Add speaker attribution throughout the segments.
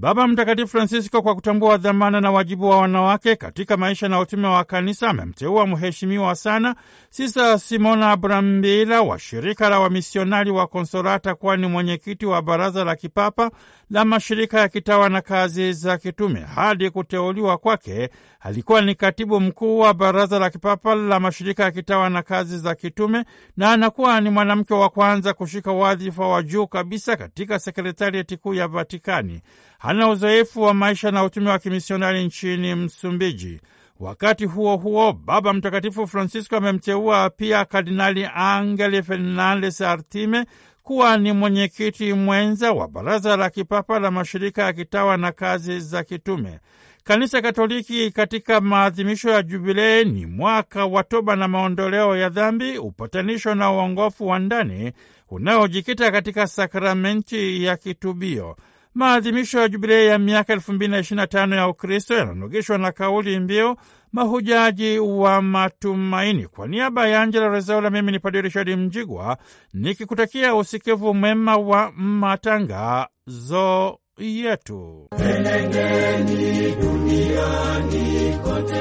Speaker 1: Baba Mtakatifu Francisco, kwa kutambua dhamana na wajibu wa wanawake katika maisha na utume wa Kanisa, amemteua Mheshimiwa sana Sisa Simona Brambila wa shirika la wamisionari wa Konsolata, kuwa ni mwenyekiti wa baraza la kipapa la mashirika ya kitawa na kazi za kitume. Hadi kuteuliwa kwake, alikuwa ni katibu mkuu wa baraza la kipapa la mashirika ya kitawa na kazi za kitume, na anakuwa ni mwanamke wa kwanza kushika wadhifa wa juu kabisa katika sekretarieti kuu ya Vatikani. Hana uzoefu wa maisha na utume wa kimisionari nchini Msumbiji. Wakati huo huo, Baba Mtakatifu Francisco amemteua pia Kardinali Angel fernandes Artime kuwa ni mwenyekiti mwenza wa Baraza la Kipapa la Mashirika ya Kitawa na Kazi za Kitume. Kanisa Katoliki katika maadhimisho ya Jubilei ni mwaka wa toba na maondoleo ya dhambi, upatanisho na uongofu wa ndani unaojikita katika sakramenti ya kitubio. Maadhimisho ya jubilei ya miaka 2025 ya Ukristo yananogeshwa na kauli mbiu mahujaji wa matumaini. Kwa niaba ya Angela Rezaula, mimi ni Padre Richard Mjigwa nikikutakia usikivu mwema wa matangazo
Speaker 2: yetu. Enendeni duniani kote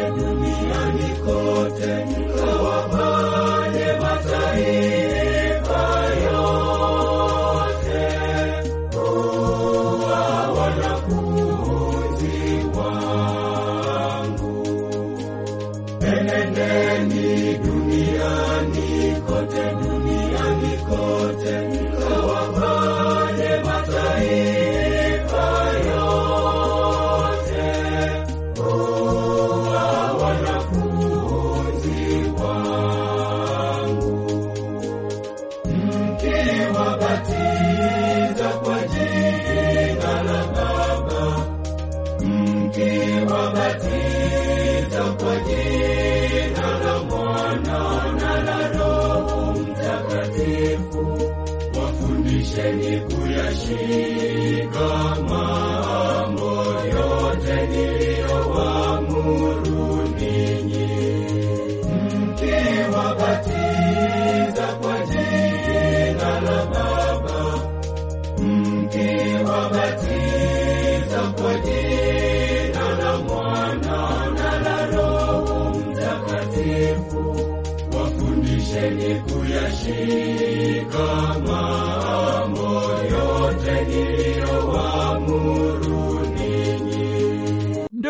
Speaker 2: Fundisheni kuyashika mambo yote niliyowaamuru ninyi, mkiwabatiza kwa jina la Baba, mkiwabatiza kwa jina la Mwana na la Roho Mtakatifu. Wafundisheni kuyashika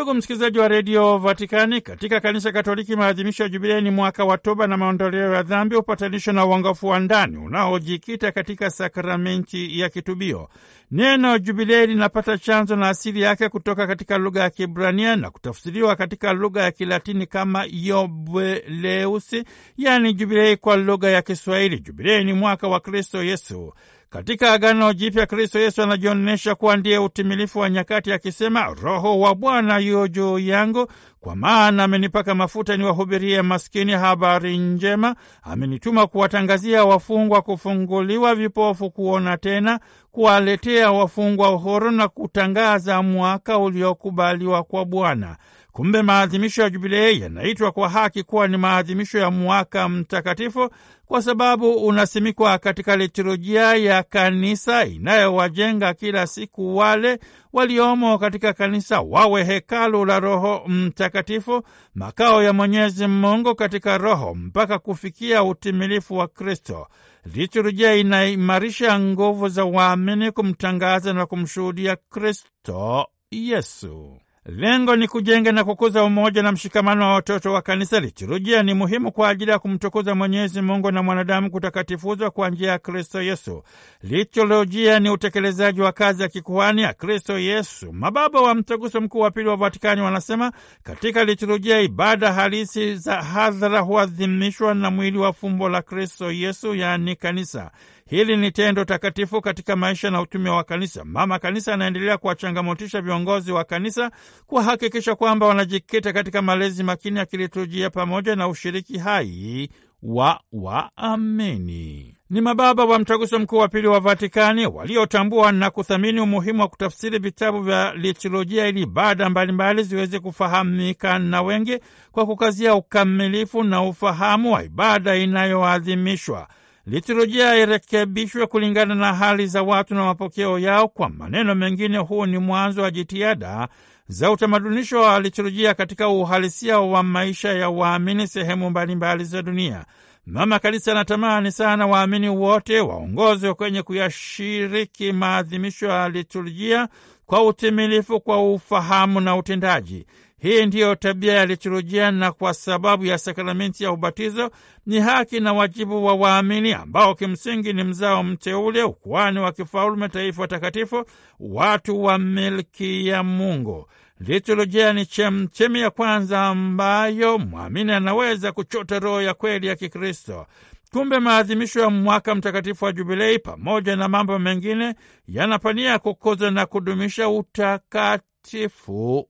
Speaker 1: Ndugu msikilizaji wa redio Vatikani, katika kanisa Katoliki maadhimisho ya Jubilei ni mwaka wa toba na maondoleo ya dhambi, upatanisho na uangofu wa ndani unaojikita katika sakramenti ya kitubio. Neno Jubilei linapata chanzo na asili yake kutoka katika lugha ya kibrania na kutafsiriwa katika lugha ya Kilatini kama yobeleusi, yaani jubilei kwa lugha ya Kiswahili. Jubilei ni mwaka wa Kristo Yesu. Katika Agano Jipya, Kristo Yesu anajionyesha kuwa ndiye utimilifu wa nyakati, akisema, Roho wa Bwana yu juu yangu, kwa maana amenipaka mafuta niwahubirie maskini habari njema, amenituma kuwatangazia wafungwa kufunguliwa, vipofu kuona tena, kuwaletea wafungwa uhuru na kutangaza mwaka uliokubaliwa kwa Bwana. Kumbe maadhimisho ya Jubilei yanaitwa kwa haki kuwa ni maadhimisho ya mwaka mtakatifu kwa sababu unasimikwa katika liturujia ya kanisa inayowajenga kila siku wale waliomo katika kanisa wawe hekalu la Roho Mtakatifu, makao ya Mwenyezi Mungu katika Roho mpaka kufikia utimilifu wa Kristo. Liturujia inaimarisha nguvu za waamini kumtangaza na kumshuhudia Kristo Yesu. Lengo ni kujenga na kukuza umoja na mshikamano wa watoto wa kanisa. Liturujia ni muhimu kwa ajili ya kumtukuza Mwenyezi Mungu na mwanadamu kutakatifuzwa kwa njia ya Kristo Yesu. Liturujia ni utekelezaji wa kazi ya kikuhani ya Kristo Yesu. Mababa wa Mtaguso Mkuu wa Pili wa Vatikani wanasema katika liturujia ibada halisi za hadhara huadhimishwa na mwili wa fumbo la Kristo Yesu, yaani kanisa. Hili ni tendo takatifu katika maisha na utume wa kanisa. Mama Kanisa anaendelea kuwachangamotisha viongozi wa kanisa kuhakikisha kwamba wanajikita katika malezi makini ya kiliturujia pamoja na ushiriki hai wa waamini. Ni mababa wa Mtaguso Mkuu wa Pili wa Vatikani waliotambua na kuthamini umuhimu wa kutafsiri vitabu vya liturujia ili ibada mbalimbali ziweze kufahamika na wengi, kwa kukazia ukamilifu na ufahamu wa ibada inayoadhimishwa liturujia irekebishwe kulingana na hali za watu na mapokeo yao. Kwa maneno mengine, huu ni mwanzo wa jitihada za utamadunisho wa liturujia katika uhalisia wa maisha ya waamini sehemu mbalimbali za dunia. Mama Kanisa anatamani sana waamini wote waongozwe kwenye kuyashiriki maadhimisho ya liturujia kwa utimilifu, kwa ufahamu na utendaji. Hii ndiyo tabia ya liturujia, na kwa sababu ya sakramenti ya ubatizo ni haki na wajibu wa waamini ambao kimsingi ni mzao mteule, ukuani wa kifalume taifa takatifu, watu wa milki ya Mungu. Liturujia ni chemchemi ya kwanza ambayo mwamini anaweza kuchota roho ya kweli ya Kikristo. Kumbe maadhimisho ya mwaka mtakatifu wa Jubilei pamoja na mambo mengine yanapania kukuza na kudumisha utakatifu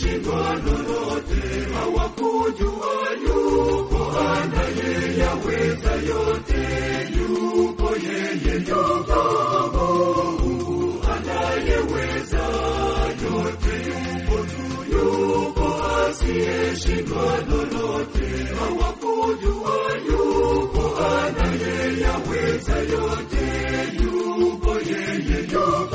Speaker 2: shindwa lolote, hawakujua yuko anayeyaweza yote, yuko yeye, yuko Mungu anayeweza yote, yuko tu, yuko asiyeshindwa lolote, hawakujua yuko anayeyaweza yote, yuko yeye, yuko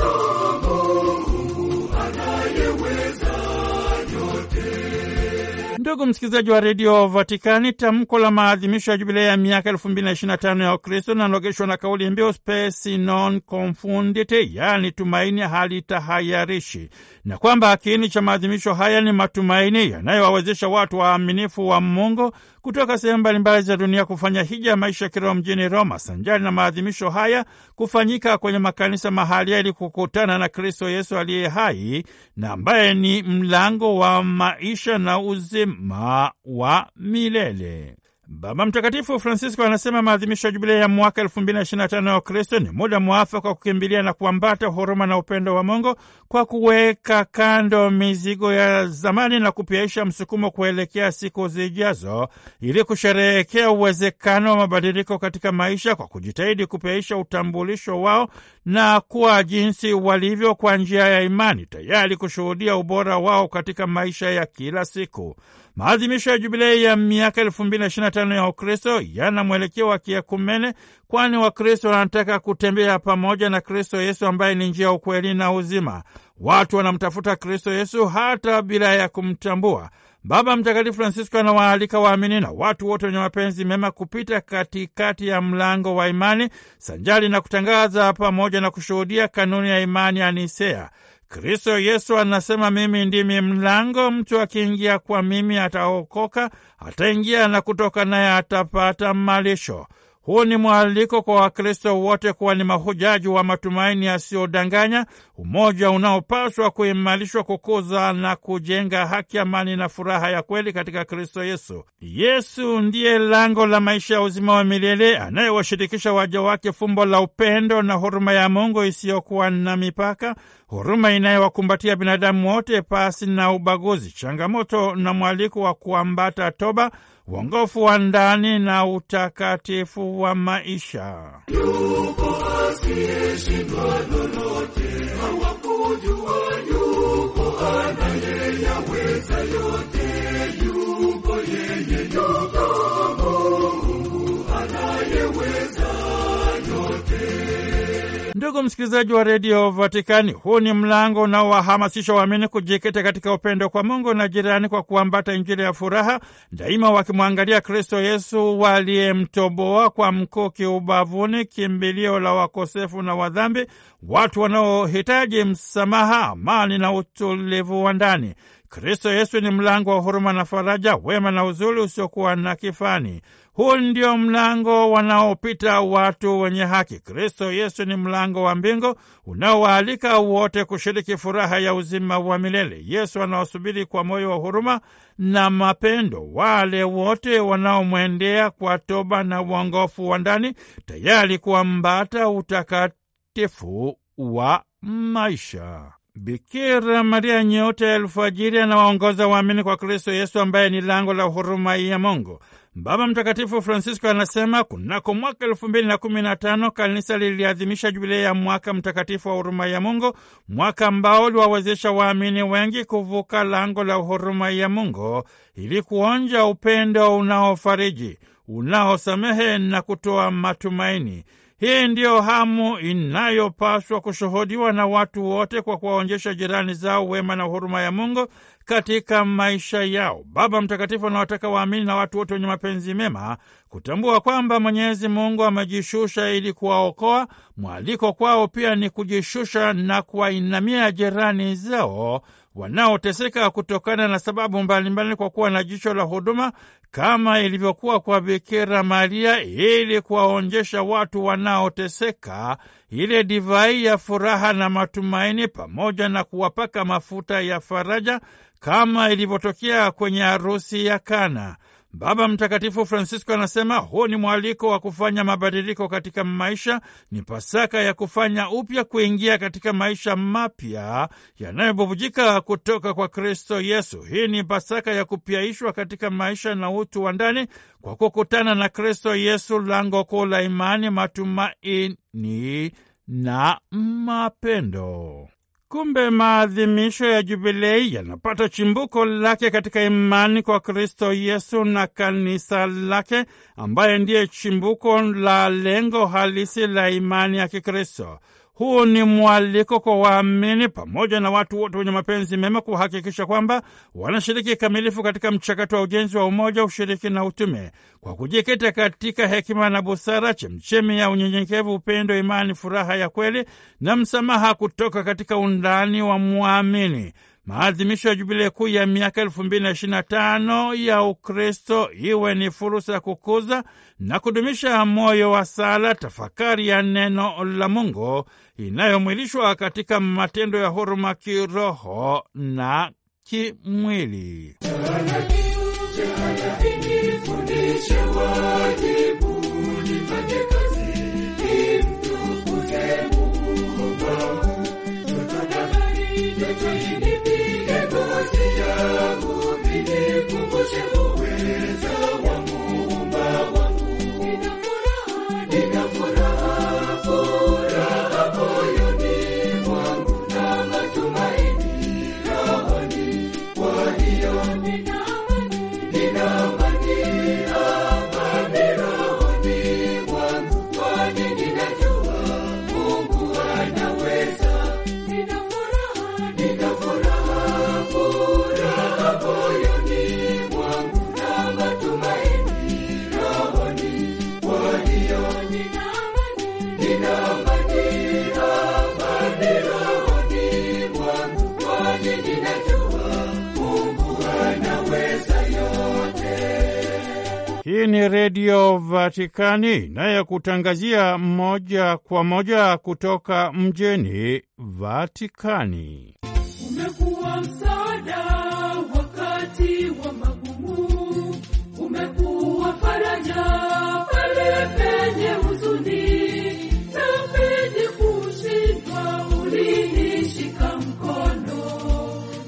Speaker 1: Ndugu msikilizaji wa redio Vatikani, tamko la maadhimisho ya jubilei ya miaka elfu mbili na na tano ya Ukristo linalogeshwa na kauli mbiu Spes non confundit, yaani tumaini halitahayarishi, na kwamba kiini cha maadhimisho haya ni matumaini yanayowawezesha watu waaminifu wa Mungu kutoka sehemu mbalimbali za dunia kufanya hija ya maisha kiroho mjini Roma. Sanjari na maadhimisho haya kufanyika kwenye makanisa mahalia ili kukutana na Kristo Yesu aliye hai na ambaye ni mlango wa maisha na uzima wa milele. Baba Mtakatifu Francisco anasema maadhimisho ya jubilei ya mwaka elfu mbili na na tano ya Ukristo ni muda mwafaka wa kukimbilia na kuambata huruma na upendo wa Mungu kwa kuweka kando mizigo ya zamani na kupiaisha msukumo kuelekea siku zijazo, ili kusherehekea uwezekano wa mabadiliko katika maisha kwa kujitahidi kupiaisha utambulisho wao na kuwa jinsi walivyo kwa njia ya imani, tayari kushuhudia ubora wao katika maisha ya kila siku. Maadhimisho ya jubilei ya miaka elfu mbili na tano ya Ukristo yana mwelekeo wa kiekumene, kwani Wakristo wanataka kutembea pamoja na Kristo Yesu ambaye ni njia, ukweli na uzima. Watu wanamtafuta Kristo Yesu hata bila ya kumtambua. Baba Mtakatifu Francisco anawaalika waamini na watu wote wenye mapenzi mema kupita katikati ya mlango wa imani sanjali na kutangaza pamoja na kushuhudia kanuni ya imani ya Nisea. Kristo Yesu anasema, mimi ndimi mlango, mtu akiingia kwa mimi ataokoka, ataingia na kutoka naye atapata malisho. Huu ni mwaliko kwa Wakristo wote kuwa ni mahujaji wa matumaini yasiyodanganya, umoja unaopaswa kuimarishwa, kukuza na kujenga haki, amani na furaha ya kweli katika Kristo Yesu. Yesu ndiye lango la maisha ya uzima wa milele, anayewashirikisha waja wake fumbo la upendo na huruma ya Mungu isiyokuwa na mipaka, huruma inayowakumbatia binadamu wote pasi na ubaguzi. Changamoto na mwaliko wa kuambata toba uongofu wa ndani na utakatifu wa maisha.
Speaker 2: Yuko asiyeshindwa lolote, hawakujua
Speaker 1: Ndugu msikilizaji wa redio Vatikani, huu ni mlango unaowahamasisha waamini kujikita katika upendo kwa Mungu na jirani kwa kuambata Injili ya furaha daima, wakimwangalia Kristo Yesu waliyemtoboa kwa mkuki ubavuni, kimbilio la wakosefu na wadhambi, watu wanaohitaji msamaha, amani na utulivu wa ndani. Kristo Yesu ni mlango wa huruma na faraja, wema na uzuri usiokuwa na kifani. Huu ndio mlango wanaopita watu wenye haki. Kristo Yesu ni mlango wa mbingu unaowaalika wote kushiriki furaha ya uzima wa milele. Yesu anawasubiri kwa moyo wa huruma na mapendo wale wote wanaomwendea kwa toba na uongofu wa ndani, tayari kuambata utakatifu wa maisha. Bikira Maria nyota ya alfajiri anawaongoza waamini kwa Kristo Yesu ambaye ni lango la huruma ya Mungu. Baba Mtakatifu Francisco anasema kunako mwaka elfu mbili na kumi na tano kanisa liliadhimisha jubilei ya mwaka mtakatifu wa huruma ya Mungu, mwaka ambao uliwawezesha waamini wengi kuvuka lango la huruma ya Mungu ili kuonja upendo unaofariji, unaosamehe na kutoa matumaini. Hii ndiyo hamu inayopaswa kushuhudiwa na watu wote kwa kuwaonjesha jirani zao wema na huruma ya Mungu katika maisha yao. Baba Mtakatifu anawataka waamini na watu wote wenye mapenzi mema kutambua kwamba Mwenyezi Mungu amejishusha ili kuwaokoa. Mwaliko kwao pia ni kujishusha na kuwainamia jirani zao wanaoteseka kutokana na sababu mbalimbali mbali, kwa kuwa na jicho la huduma kama ilivyokuwa kwa Bikira Maria, ili kuwaonjesha watu wanaoteseka ile divai ya furaha na matumaini, pamoja na kuwapaka mafuta ya faraja kama ilivyotokea kwenye harusi ya Kana. Baba Mtakatifu Francisco anasema huu ni mwaliko wa kufanya mabadiliko katika maisha, ni Pasaka ya kufanya upya, kuingia katika maisha mapya yanayobubujika kutoka kwa Kristo Yesu. Hii ni Pasaka ya kupyaishwa katika maisha na utu wa ndani kwa kukutana na Kristo Yesu, lango kuu la imani, matumaini na mapendo. Kumbe maadhimisho ya jubilei yanapata chimbuko lake katika imani kwa Kristo Yesu na kanisa lake, ambaye ndiye chimbuko la lengo halisi la imani ya Kikristo. Huu ni mwaliko kwa waamini pamoja na watu wote wenye mapenzi mema kuhakikisha kwamba wanashiriki kikamilifu katika mchakato wa ujenzi wa umoja, ushiriki na utume, kwa kujikita katika hekima na busara, chemchemi ya unyenyekevu, upendo, imani, furaha ya kweli na msamaha kutoka katika undani wa mwamini maadhimisho ya Jubilee kuu ya miaka elfu mbili na ishirini na tano ya Ukristo iwe ni fursa ya kukuza na kudumisha moyo wa sala, tafakari ya neno la Mungu inayomwilishwa katika matendo ya huruma kiroho na kimwili. Vatikani inayokutangazia moja kwa moja kutoka mjini Vatikani.
Speaker 2: Umekuwa msaada wakati wa magumu, umekuwa faraja pale penye huzuni na penye kushindwa, ulinishika mkono,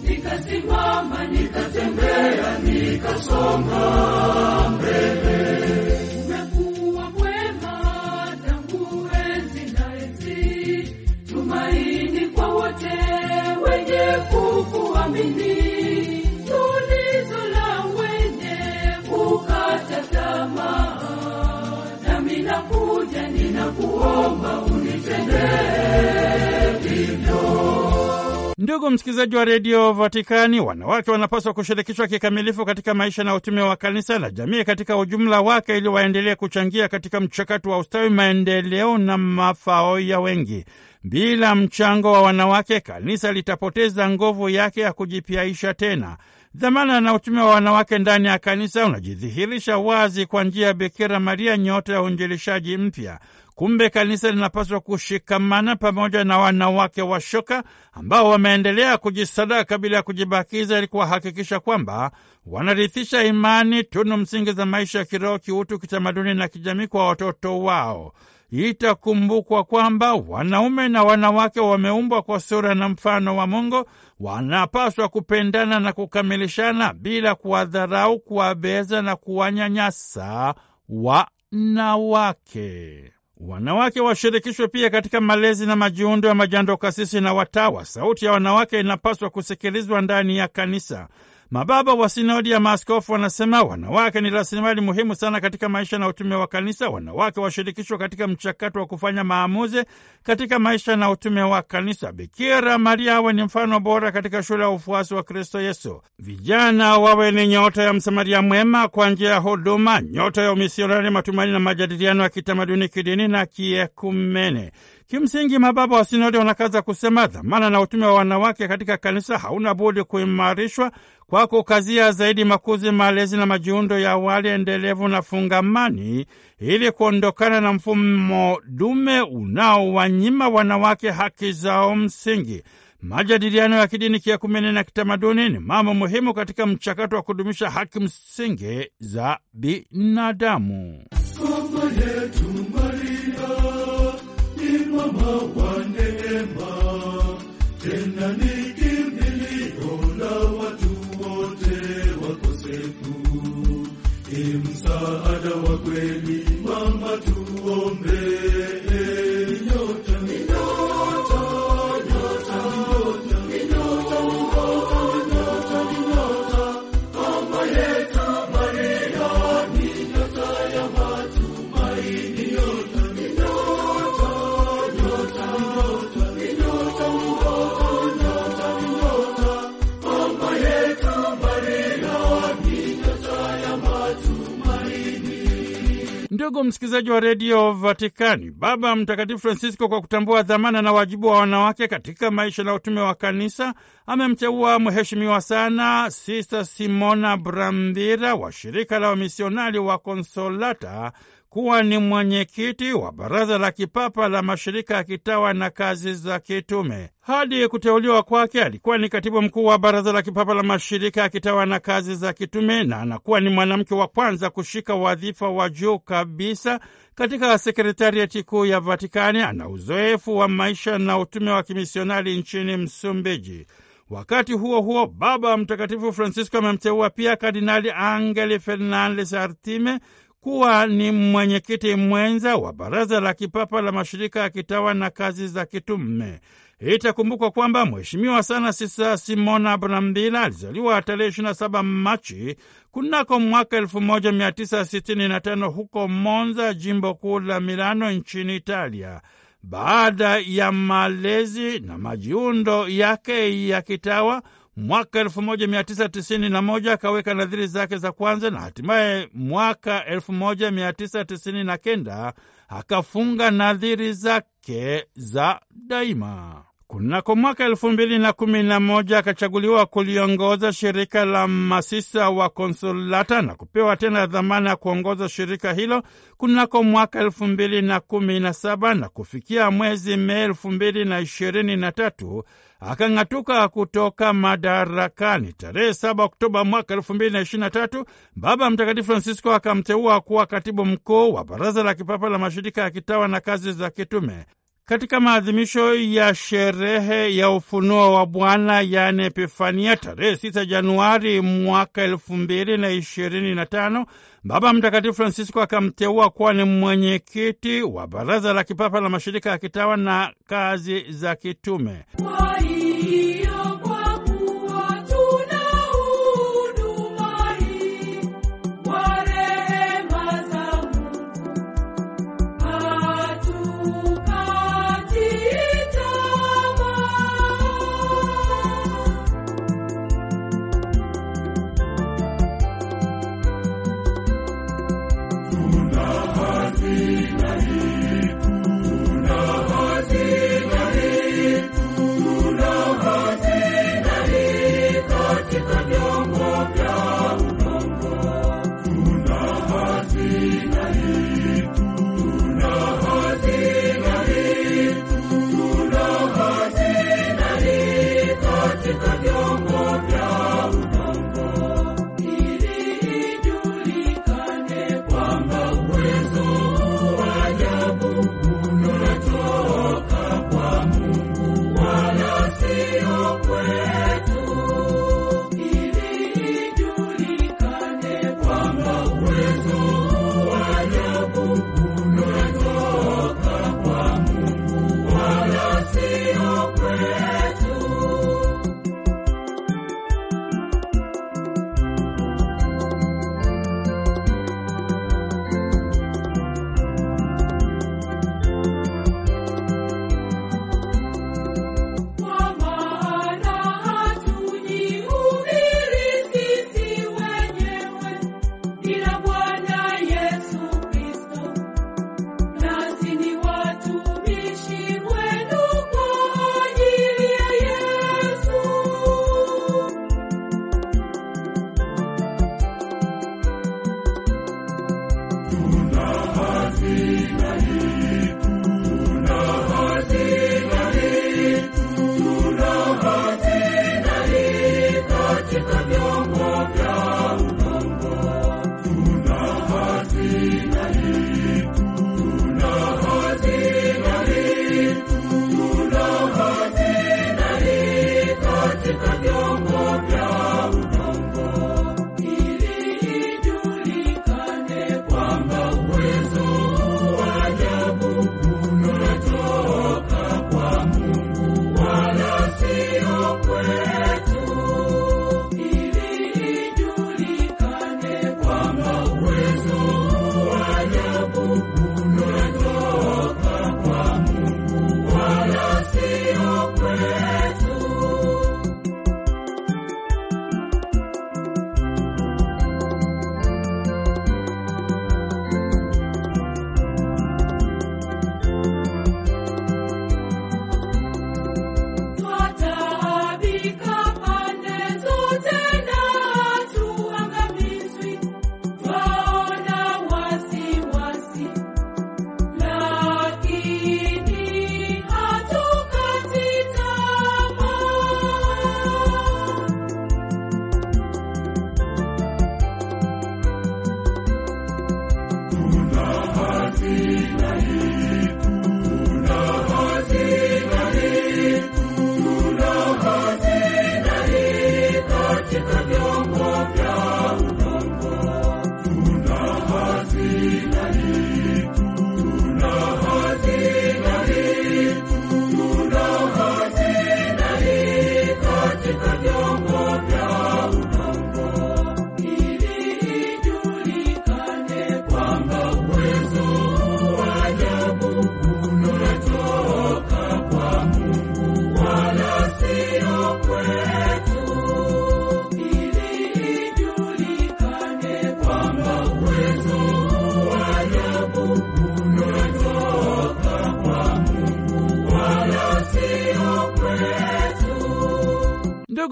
Speaker 2: nikasimama, nikatembea, nikasonga mbele tulizo la wenye kukata tamaa Ninakuja, ninakuomba unitendee vivyo.
Speaker 1: Ndugu msikilizaji wa redio Vatikani, wanawake wanapaswa kushirikishwa kikamilifu katika maisha na utume wa kanisa na jamii katika ujumla wake, ili waendelee kuchangia katika mchakato wa ustawi, maendeleo na mafao ya wengi. Bila mchango wa wanawake, kanisa litapoteza nguvu yake ya kujipiaisha tena. Dhamana na utume wa wanawake ndani ya kanisa unajidhihirisha wazi kwa njia ya Bikira Maria, nyota ya uinjilishaji mpya. Kumbe kanisa linapaswa kushikamana pamoja na wanawake washoka ambao wameendelea kujisadaka bila ya kujibakiza, ili kuwahakikisha kwamba wanarithisha imani, tunu msingi za maisha ya kiroho, kiutu, kitamaduni na kijamii kwa watoto wao. Itakumbukwa kwamba wanaume na wanawake wameumbwa kwa sura na mfano wa Mungu, wanapaswa kupendana na kukamilishana bila kuwadharau, kuwabeza na kuwanyanyasa wanawake. Wanawake washirikishwe pia katika malezi na majiundo ya majando kasisi na watawa. Sauti ya wanawake inapaswa kusikilizwa ndani ya kanisa. Mababa wa sinodi ya maaskofu wanasema wanawake ni rasilimali muhimu sana katika maisha na utume wa kanisa. Wanawake washirikishwa katika mchakato wa kufanya maamuzi katika maisha na utume wa kanisa. Bikira Maria awe ni mfano bora katika shule ya ufuasi wa Kristo Yesu. Vijana wawe ni nyota ya Msamaria mwema kwa njia ya huduma, nyota ya umisionari, matumaini na majadiliano ya kitamaduni, kidini na kiekumene. Kimsingi, mababa wa sinodi wanakaza kusema dhamana na utume wa wanawake katika kanisa hauna budi kuimarishwa kwa kukazia zaidi makuzi, malezi na majiundo ya awali endelevu na fungamani, ili kuondokana na mfumo dume unaowanyima wanawake haki zao msingi. Majadiliano ya kidini, kiakumene na kitamaduni ni mambo muhimu katika mchakato wa kudumisha haki msingi za binadamu
Speaker 2: wa neema, tena ni kimbilio la watu wote wakosefu, ni msaada wa kweli. Mama, tuombe.
Speaker 1: Ndugu msikilizaji wa redio Vatikani, Baba Mtakatifu Francisco, kwa kutambua dhamana na wajibu wa wanawake katika maisha na utume wa Kanisa, amemteua mheshimiwa sana Sista Simona Brambira wa shirika la wamisionari wa Konsolata kuwa ni mwenyekiti wa Baraza la Kipapa la Mashirika ya Kitawa na Kazi za Kitume. Hadi kuteuliwa kwake alikuwa ni katibu mkuu wa Baraza la Kipapa la Mashirika ya Kitawa na Kazi za Kitume, na anakuwa ni mwanamke wa kwanza kushika wadhifa wa juu kabisa katika sekretariati kuu ya Vatikani. Ana uzoefu wa maisha na utume wa kimisionari nchini Msumbiji. Wakati huo huo, Baba Mtakatifu Francisco amemteua pia Kardinali Angel Fernandes Artime kuwa ni mwenyekiti mwenza wa Baraza la Kipapa la Mashirika ya Kitawa na Kazi za Kitume. Itakumbukwa kwamba Mheshimiwa sana sisa Simona Brambila alizaliwa tarehe 27 Machi kunako mwaka 1965 huko Monza, jimbo kuu la Milano nchini Italia. Baada ya malezi na majiundo yake ya kitawa Mwaka 1991 akaweka nadhiri zake za kwanza na hatimaye mwaka 1999 akafunga nadhiri zake za daima. Kunako mwaka elfu mbili na kumi na moja akachaguliwa kuliongoza shirika la masisa wa Konsolata na kupewa tena dhamana ya kuongoza shirika hilo kunako mwaka elfu mbili na kumi na saba na kufikia mwezi Mei elfu mbili na ishirini na tatu akang'atuka kutoka madarakani. Tarehe 7 Oktoba mwaka 2023 Baba Mtakatifu Francisco akamteua kuwa katibu mkuu wa Baraza la Kipapa la Mashirika ya Kitawa na Kazi za Kitume katika maadhimisho ya sherehe ya ufunuo wa Bwana yaani Epifania tarehe sita Januari mwaka elfu mbili na ishirini na tano Baba Mtakatifu Francisco akamteua kuwa ni mwenyekiti wa Baraza la Kipapa la Mashirika ya Kitawa na Kazi za Kitume.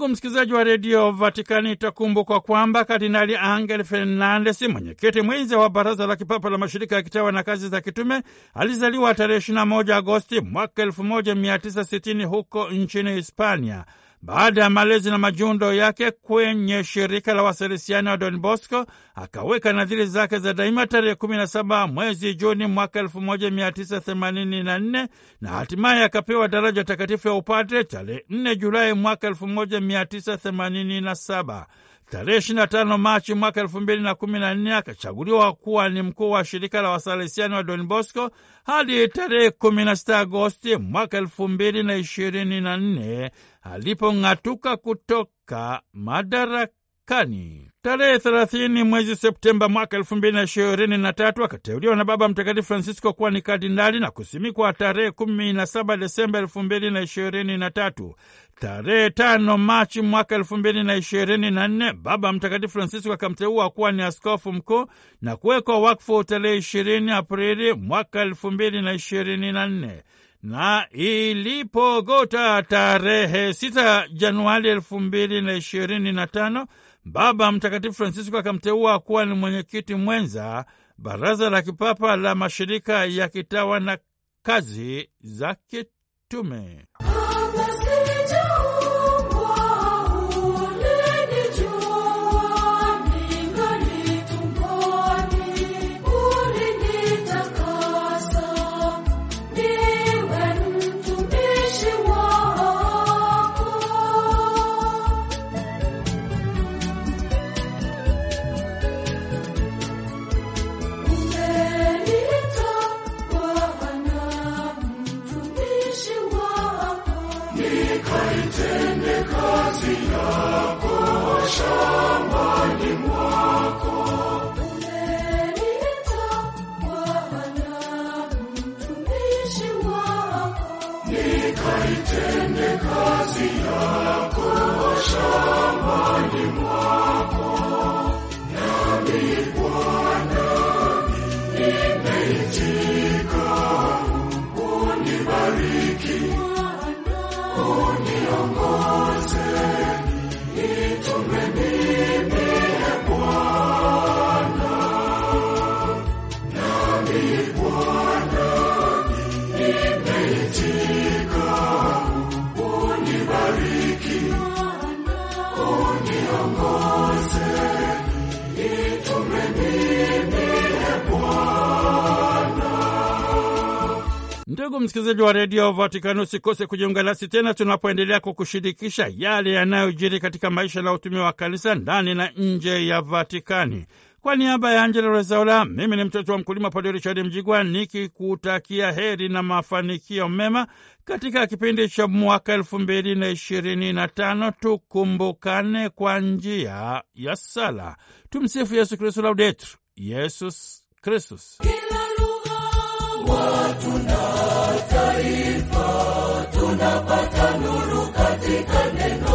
Speaker 1: Ndugu msikilizaji wa redio Vatikani, itakumbukwa kwamba Kardinali Angel Fernandes, mwenyekiti mwenzi wa baraza la kipapa la mashirika ya kitawa na kazi za kitume, alizaliwa tarehe 21 Agosti mwaka 1960 huko nchini Hispania. Baada ya malezi na majundo yake kwenye shirika la waseresiani wa Don Bosco, akaweka nadhiri zake za daima tarehe 17 mwezi Juni mwaka 1984 na hatimaye akapewa daraja takatifu ya upate tarehe 4 Julai mwaka Tarehe 25 Machi mwaka 2014 akachaguliwa kuwa ni mkuu wa shirika la wasalesiani wa Don Bosco hadi tarehe 16 Agosti mwaka 2024 alipong'atuka kutoka madaraka Vatikani. Tarehe 30 mwezi Septemba mwaka 2023 akateuliwa na Baba Mtakatifu Francisco kuwa ni kardinali na kusimikwa tarehe 17 Desemba 2023. Tarehe tano Machi mwaka elfu mbili na ishirini na nne Baba Mtakatifu Francisco akamteua kuwa ni askofu mkuu na kuwekwa wakfu tarehe ishirini Aprili mwaka elfu mbili na ishirini na nne na ilipogota tarehe sita Januari elfu mbili na ishirini na tano Baba Mtakatifu Francisco akamteua kuwa ni mwenyekiti mwenza baraza la kipapa la mashirika ya kitawa na kazi za kitume.
Speaker 2: Senhor.
Speaker 1: Ndugu msikilizaji wa redio Vatikani, usikose kujiunga nasi tena tunapoendelea kukushirikisha yale yanayojiri katika maisha na utumia wa kanisa ndani na nje ya Vatikani. Kwa niaba ya Angela Rezaula, mimi ni mtoto wa mkulima Padre Richard Mjigwa, nikikutakia heri na mafanikio mema katika kipindi cha mwaka elfu mbili na ishirini na tano. Tukumbukane kwa njia ya sala. Tumsifu Yesu Kristu, Laudetur Yesus Kristus.
Speaker 2: Mataifa tunapata nuru katika neno